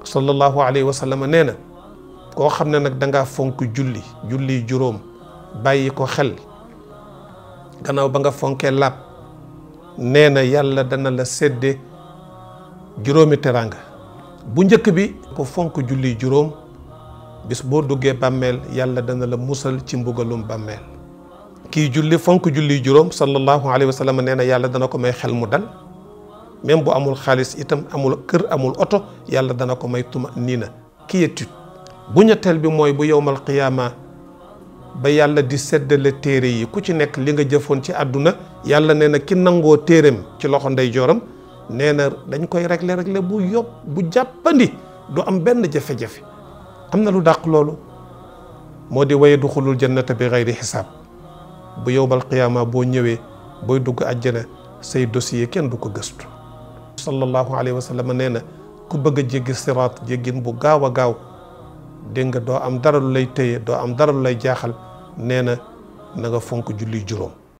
صلى الله عليه وسلم نينا كو خامني نك داغا فونك جولي جولي جوروم باي كو خل غناو باغا فونك لاب نينا يالا دانا لا سيدي جورومي ترانغا بو نجهك بي كو فونك جولي جوروم بس بو دوغي باميل يالا دانا لا موسل تي مبوغلوم باميل كي جولي فونك جولي جوروم صلى الله عليه وسلم نينا يالا دانا كو مي خل مو دال même bu amul xaalis itam amul kër amul oto yàlla dana ko may tuma nii na quiétude bu ñetteel bi mooy bu yowmal qiyaama ba yàlla di seddale téere yi ku ci nekk li nga jëfoon ci àdduna yàlla nee na ki nangoo téereem ci loxo ndeyjooram nee na dañ koy régler régler bu yob bu jàppandi du am benn jafe-jafe am na lu dàq loolu moo di du duxulul jannata bi xayri xisaab bu yowmal qiyaama boo ñëwee booy dugg àjjana say dossier kenn du ko gëstu sallallahu alayhi wa sallam nee na ku bëgg a jéggi siraat jéggin bu gaaw a gaaw dégg nga doo am dara lu lay téye doo am dara lu lay jaaxal nee na na nga fonk julli juróom